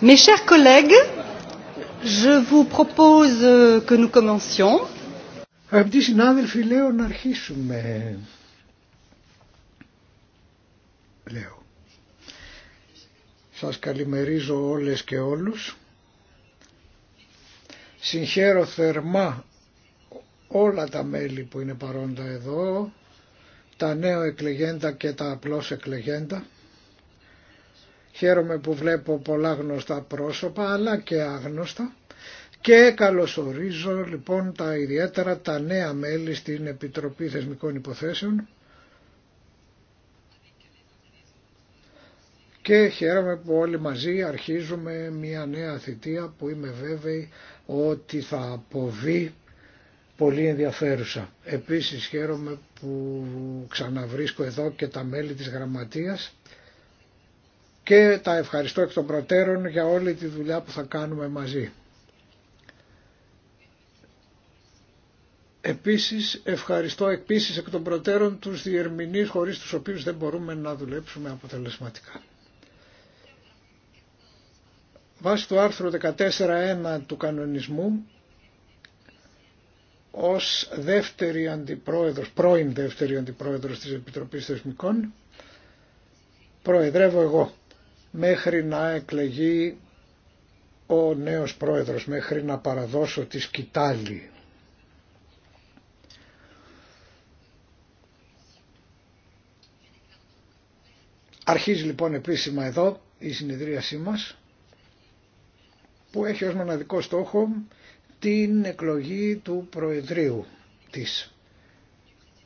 Mes chers collègues, je vous propose euh, que nous commencions. Αγαπητοί συνάδελφοι, λέω να αρχίσουμε. Λέω. Σας καλημερίζω όλες και όλους. Συγχαίρω θερμά όλα τα μέλη που είναι παρόντα εδώ, τα νέο εκλεγέντα και τα απλώς εκλεγέντα. Χαίρομαι που βλέπω πολλά γνωστά πρόσωπα αλλά και άγνωστα και καλωσορίζω λοιπόν τα ιδιαίτερα τα νέα μέλη στην Επιτροπή Θεσμικών Υποθέσεων και χαίρομαι που όλοι μαζί αρχίζουμε μια νέα θητεία που είμαι βέβαιη ότι θα αποβεί πολύ ενδιαφέρουσα. Επίσης χαίρομαι που ξαναβρίσκω εδώ και τα μέλη της γραμματείας και τα ευχαριστώ εκ των προτέρων για όλη τη δουλειά που θα κάνουμε μαζί. Επίσης ευχαριστώ επίσης εκ των προτέρων τους διερμηνείς χωρίς τους οποίους δεν μπορούμε να δουλέψουμε αποτελεσματικά. Βάσει του άρθρου 14.1 του κανονισμού ως δεύτερη αντιπρόεδρος, πρώην δεύτερη αντιπρόεδρος της Επιτροπής Θεσμικών προεδρεύω εγώ μέχρι να εκλεγεί ο νέος πρόεδρος, μέχρι να παραδώσω τη σκητάλη. Αρχίζει λοιπόν επίσημα εδώ η συνεδρίασή μας που έχει ως μοναδικό στόχο την εκλογή του Προεδρίου της.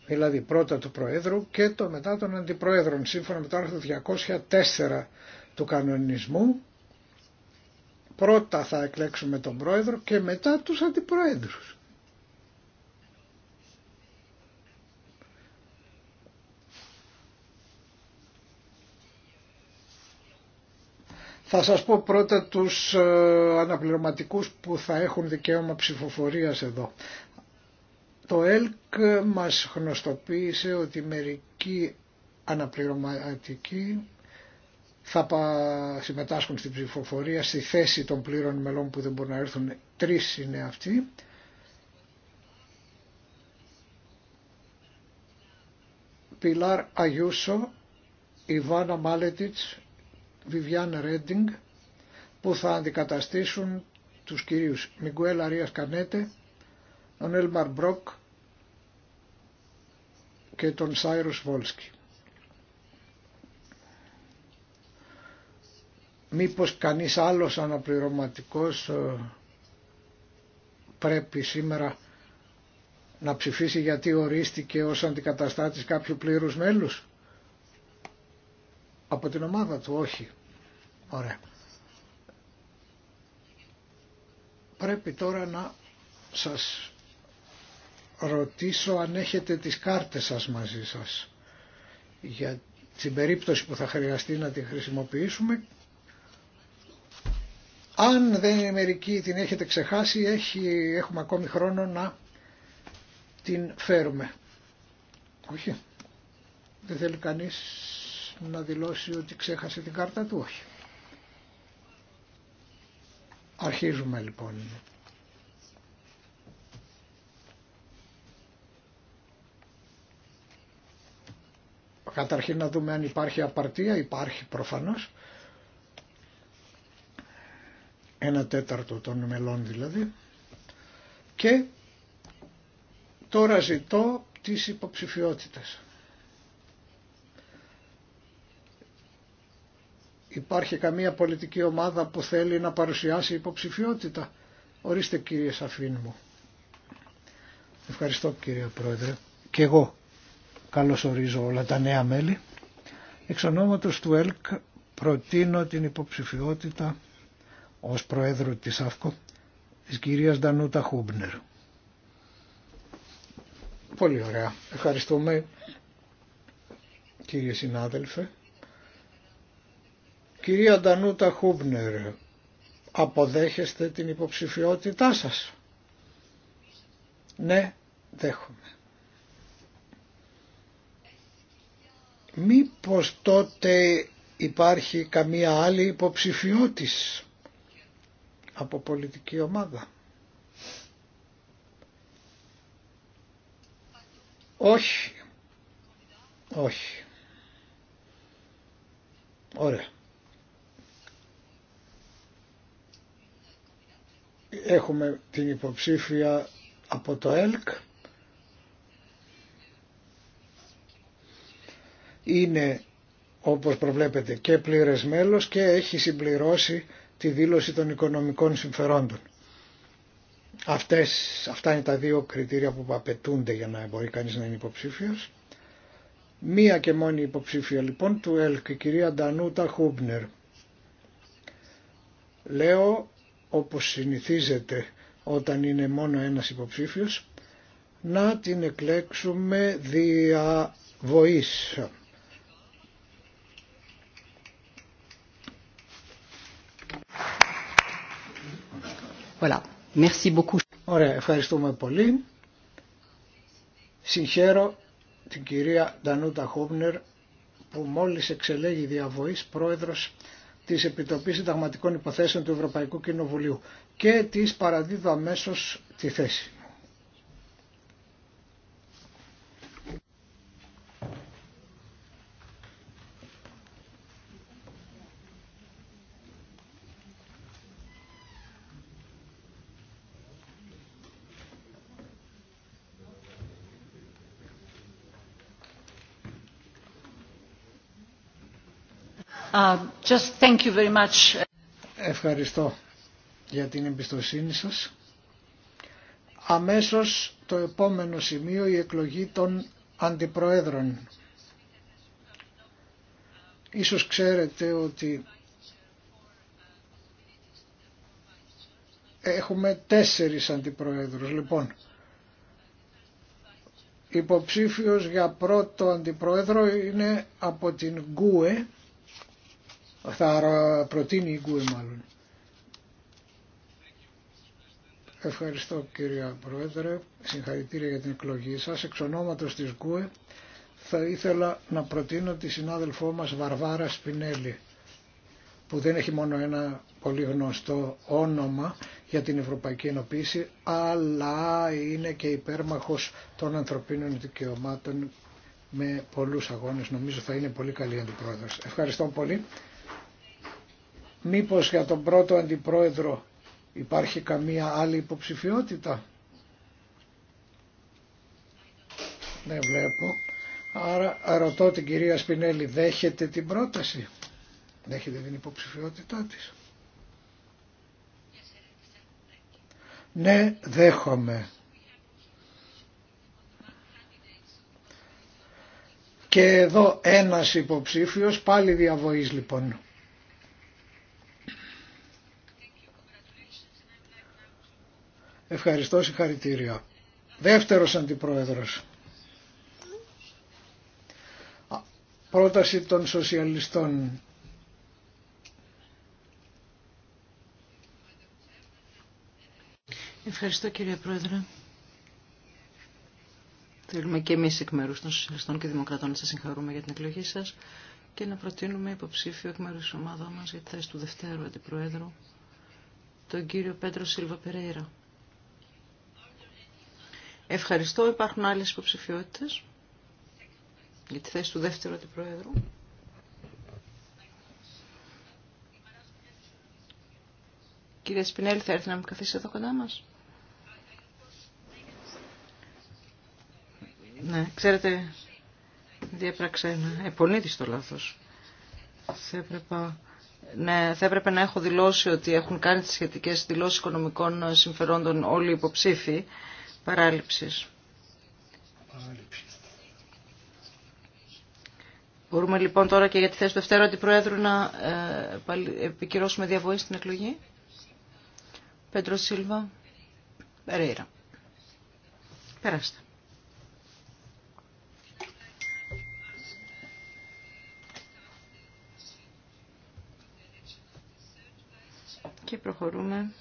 Δηλαδή πρώτα του Προέδρου και το μετά των Αντιπροέδρων σύμφωνα με το άρθρο 204 του κανονισμού πρώτα θα εκλέξουμε τον πρόεδρο και μετά τους αντιπρόεδρους. Θα σας πω πρώτα τους ε, αναπληρωματικούς που θα έχουν δικαίωμα ψηφοφορίας εδώ. Το ΕΛΚ μας γνωστοποίησε ότι μερικοί αναπληρωματικοί θα συμμετάσχουν στην ψηφοφορία στη θέση των πλήρων μελών που δεν μπορούν να έρθουν. Τρεις είναι αυτοί. Πιλάρ Αγιούσο, Ιβάνα Μάλετιτς, Βιβιάν Ρέντινγκ που θα αντικαταστήσουν τους κυρίους Μιγκουέλ Αρίας Κανέτε, τον Έλμαρ Μπρόκ και τον Σάιρος Βόλσκι. Μήπως κανείς άλλος αναπληρωματικός ε, πρέπει σήμερα να ψηφίσει γιατί ορίστηκε ως αντικαταστάτης κάποιου πλήρους μέλους. Από την ομάδα του, όχι. Ωραία. Πρέπει τώρα να σας ρωτήσω αν έχετε τις κάρτες σας μαζί σας. Για την περίπτωση που θα χρειαστεί να τη χρησιμοποιήσουμε αν δεν μερικοί την έχετε ξεχάσει, έχει, έχουμε ακόμη χρόνο να την φέρουμε. Όχι. Δεν θέλει κανείς να δηλώσει ότι ξέχασε την κάρτα του. Όχι. Αρχίζουμε λοιπόν. Καταρχήν να δούμε αν υπάρχει απαρτία. Υπάρχει προφανώς ένα τέταρτο των μελών δηλαδή και τώρα ζητώ τις υποψηφιότητες. Υπάρχει καμία πολιτική ομάδα που θέλει να παρουσιάσει υποψηφιότητα. Ορίστε κύριε Σαφήν μου. Ευχαριστώ κύριε Πρόεδρε. Και εγώ καλωσορίζω όλα τα νέα μέλη. Εξ ονόματος του ΕΛΚ προτείνω την υποψηφιότητα ως Προέδρου της ΑΦΚΟ της κυρίας Ντανούτα Χούμπνερ. Πολύ ωραία. Ευχαριστούμε κύριε συνάδελφε. Κυρία Ντανούτα Χούμπνερ, αποδέχεστε την υποψηφιότητά σας. Ναι, δέχομαι. Μήπως τότε υπάρχει καμία άλλη υποψηφιότης από πολιτική ομάδα. Όχι. Όχι. Ωραία. Έχουμε την υποψήφια από το ΕΛΚ. Είναι όπως προβλέπετε και πλήρες μέλος και έχει συμπληρώσει τη δήλωση των οικονομικών συμφερόντων. Αυτές, αυτά είναι τα δύο κριτήρια που απαιτούνται για να μπορεί κανείς να είναι υποψήφιος. Μία και μόνη υποψήφια λοιπόν του ΕΛΚ, η κυρία Ντανούτα Χούμπνερ. Λέω, όπως συνηθίζεται όταν είναι μόνο ένας υποψήφιος, να την εκλέξουμε δια βοής. Voilà. Merci beaucoup. Ωραία, ευχαριστούμε πολύ. Συγχαίρω την κυρία Ντανούτα Χόμπνερ που μόλις εξελέγει διαβοής πρόεδρος της Επιτροπής Συνταγματικών Υποθέσεων του Ευρωπαϊκού Κοινοβουλίου και της παραδίδω αμέσως τη θέση. Uh, Ευχαριστώ για την εμπιστοσύνη σας. Αμέσως το επόμενο σημείο η εκλογή των αντιπροέδρων. Ίσως ξέρετε ότι έχουμε τέσσερις αντιπροέδρους. Λοιπόν, υποψήφιος για πρώτο αντιπρόεδρο είναι από την ΓΚΟΕ θα προτείνει η Γκουε μάλλον. Ευχαριστώ κύριε Πρόεδρε, συγχαρητήρια για την εκλογή σας. Εξ ονόματος της Γκουε θα ήθελα να προτείνω τη συνάδελφό μας Βαρβάρα Σπινέλη που δεν έχει μόνο ένα πολύ γνωστό όνομα για την Ευρωπαϊκή Ενωπήση αλλά είναι και υπέρμαχος των ανθρωπίνων δικαιωμάτων με πολλούς αγώνες. Νομίζω θα είναι πολύ καλή αντιπρόεδρος. Ευχαριστώ πολύ. Μήπως για τον πρώτο αντιπρόεδρο υπάρχει καμία άλλη υποψηφιότητα. Δεν βλέπω. Άρα ρωτώ την κυρία Σπινέλη, δέχεται την πρόταση. Δέχεται την υποψηφιότητά της. Ναι, δέχομαι. Και εδώ ένας υποψήφιος, πάλι διαβοής λοιπόν. Ευχαριστώ, συγχαρητήρια. Δεύτερος αντιπρόεδρος. Πρόταση των σοσιαλιστών. Ευχαριστώ κύριε Πρόεδρε. Θέλουμε και εμεί εκ μέρου των Σοσιαλιστών και Δημοκρατών να σα συγχαρούμε για την εκλογή σας και να προτείνουμε υποψήφιο εκ μέρου τη ομάδα μας για τη θέση του Δευτέρου Αντιπροέδρου, τον κύριο Πέτρο Σίλβα Περέιρα. Ευχαριστώ. Υπάρχουν άλλε υποψηφιότητε. για τη θέση του Δεύτερου Αντιπροέδρου. Κύριε Σπινέλη, θα έρθει να με καθίσει εδώ κοντά μας. Ναι, ξέρετε, διέπραξε ένα το λάθος. Θα ναι, έπρεπε, θα να έχω δηλώσει ότι έχουν κάνει τις σχετικές δηλώσεις οικονομικών συμφερόντων όλοι οι υποψήφοι παράληψης. Παράληψη. Μπορούμε λοιπόν τώρα και για τη θέση του Ευτέρου Αντιπροέδρου να ε, επικυρώσουμε διαβοή στην εκλογή. Πέντρο Σίλβα, Περέιρα. Περάστε. Και προχωρούμε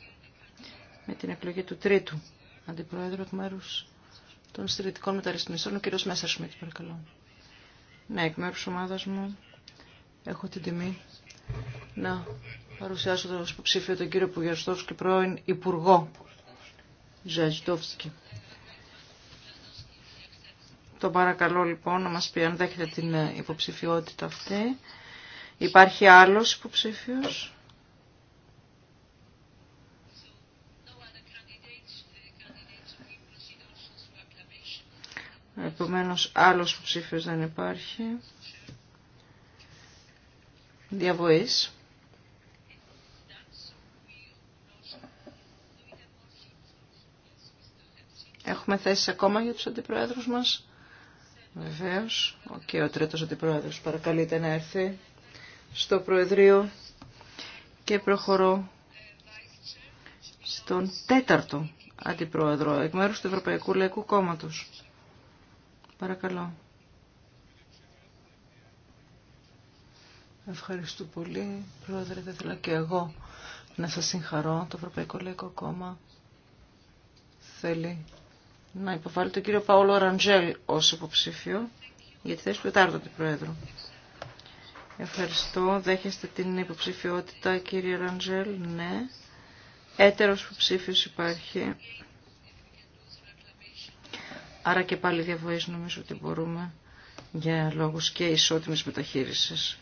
με την εκλογή του τρίτου αντιπρόεδρου εκ μέρου των συντηρητικών μεταρρυθμιστών, ο κ. Μέσσερ Σμιτ, παρακαλώ. Ναι, εκ μέρου ομάδα μου έχω την τιμή να παρουσιάσω το υποψήφιο τον κύριο Πουγιαστόφσκι, πρώην Υπουργό Ζαζιτόφσκι. Το παρακαλώ λοιπόν να μας πει αν δέχεται την υποψηφιότητα αυτή. Υπάρχει άλλος υποψήφιος. Επομένως άλλος ψήφιος δεν υπάρχει. Διαβοής. Έχουμε θέσει ακόμα για τους αντιπρόεδρους μας. Βεβαίως. Και ο τρίτος αντιπρόεδρος παρακαλείται να έρθει στο Προεδρείο και προχωρώ στον τέταρτο αντιπρόεδρο εκ μέρους του Ευρωπαϊκού Λαϊκού Κόμματος. Παρακαλώ. Ευχαριστώ πολύ, Πρόεδρε. Θα ήθελα και εγώ να σας συγχαρώ. Το Ευρωπαϊκό Λαϊκό Κόμμα θέλει να υποβάλει τον κύριο Παόλο Ραντζέλ ως υποψήφιο για τη θέση του Τετάρτου Πρόεδρου. Ευχαριστώ. Δέχεστε την υποψηφιότητα, κύριε Ραντζέλ. Ναι. Έτερος υποψήφιος υπάρχει. Άρα και πάλι διαβοής νομίζω ότι μπορούμε για λόγους και ισότιμης μεταχείρισης.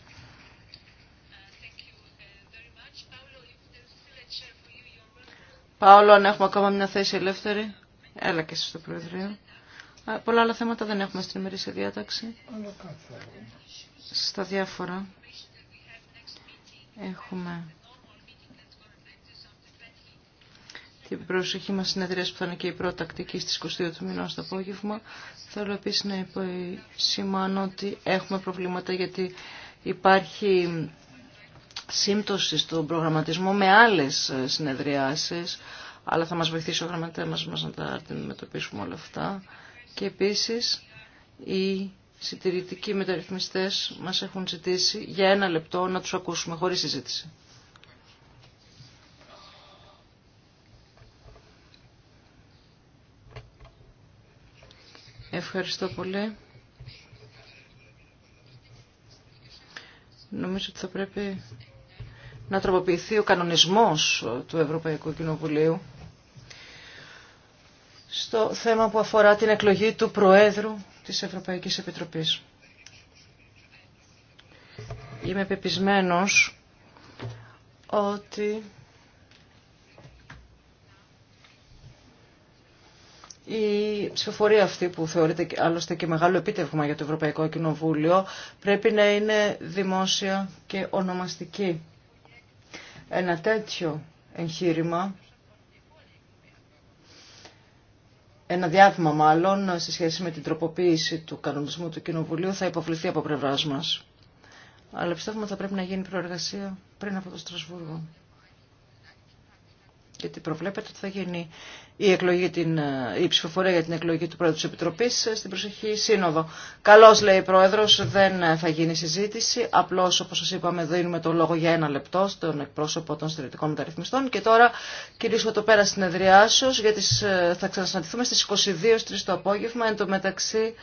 Παόλο, αν έχουμε ακόμα μια θέση ελεύθερη. Έλα και εσύ στο Προεδρείο. Πολλά άλλα θέματα δεν έχουμε στην ημερήσια διάταξη. Στα διάφορα. Έχουμε και την προσοχή μας συνεδρίας που θα είναι και η πρώτα τακτική στις 22 του μηνός το απόγευμα. Θέλω επίσης να σημάνω ότι έχουμε προβλήματα γιατί υπάρχει σύμπτωση στον προγραμματισμό με άλλες ε, συνεδριάσεις, αλλά θα μας βοηθήσει ο γραμματέα μας, μας να τα αντιμετωπίσουμε όλα αυτά. Και επίσης οι συντηρητικοί μεταρρυθμιστές μας έχουν ζητήσει για ένα λεπτό να τους ακούσουμε χωρίς συζήτηση. Ευχαριστώ πολύ. Νομίζω ότι θα πρέπει να τροποποιηθεί ο κανονισμός του Ευρωπαϊκού Κοινοβουλίου στο θέμα που αφορά την εκλογή του Προέδρου της Ευρωπαϊκής Επιτροπής. Είμαι πεπισμένος ότι Η ψηφοφορία αυτή που θεωρείται άλλωστε και μεγάλο επίτευγμα για το Ευρωπαϊκό Κοινοβούλιο πρέπει να είναι δημόσια και ονομαστική. Ένα τέτοιο εγχείρημα, ένα διάβημα μάλλον σε σχέση με την τροποποίηση του κανονισμού του Κοινοβουλίου θα υποβληθεί από πλευρά μα. Αλλά πιστεύουμε ότι θα πρέπει να γίνει προεργασία πριν από το Στρασβούργο γιατί προβλέπετε ότι θα γίνει η, εκλογή, την, ε, ψηφοφορία για την εκλογή του Πρόεδρου της Επιτροπής ε, στην προσεχή σύνοδο. Καλώς λέει η Πρόεδρος, δεν ε, θα γίνει συζήτηση, απλώς όπως σας είπαμε δίνουμε το λόγο για ένα λεπτό στον εκπρόσωπο των στερετικών μεταρρυθμιστών και τώρα κυρίσω το πέρα στην σας, γιατί θα ξανασυναντηθούμε στις 22-3 το απόγευμα, εν τω μεταξύ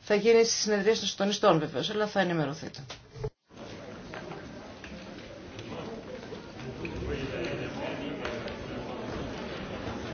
θα γίνει στη συνεδρία των συντονιστών βεβαίως, αλλά θα ενημερωθείτε.